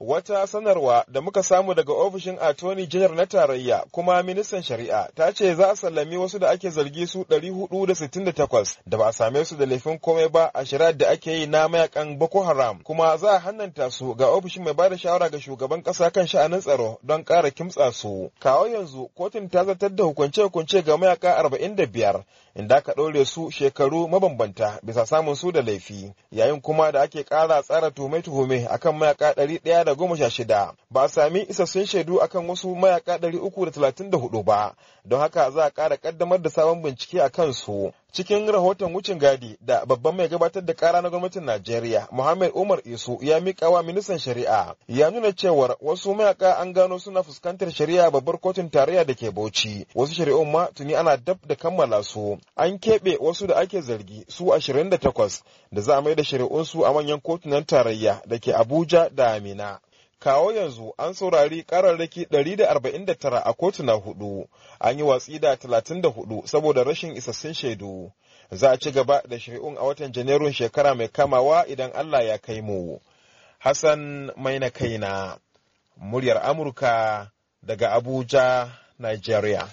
Wata sanarwa da muka samu daga ofishin Atoni General na tarayya kuma ministan shari'a ta ce za a sallami wasu da ake zargi su 468 da ba a same su da laifin komai ba a shari'ar da ake yi na mayakan Boko Haram kuma za a hannanta su ga ofishin mai bada shawara ga shugaban kasa kan sha'anin tsaro don ƙara kimtsa su. Kawo yanzu kotun ta zartar da hukunce-hukunce ga mayaka 45 inda aka ɗaure su shekaru mabambanta bisa samun su da laifi yayin kuma da ake ƙara tsara tuhume-tuhume akan mayaka ɗaya. da goma sha shida ba a sami isassun shaidu akan wasu mayaka ɗari uku da talatin da hudu ba don haka za a ƙara ƙaddamar da sabon bincike a kansu cikin rahoton wucin gadi da babban mai gabatar da kara na gwamnatin najeriya muhammad umar isu ya mika wa ministan shari'a ya nuna cewar wasu mayaka an gano suna fuskantar shari'a babbar kotun tarayya da ke bauchi wasu shari'un ma tuni ana dab da kammala su an keɓe wasu da ake zargi su ashirin da takwas da za a mai da shari'unsu a manyan kotunan tarayya da ke abuja da amina kawo yanzu an saurari kararraki 149 a kotuna hudu an yi watsi da 34 saboda rashin isassun shaidu za a ci gaba da shari'un a watan janairun shekara mai kamawa idan allah ya kai mu hassan mai na kaina muryar amurka daga abuja nigeria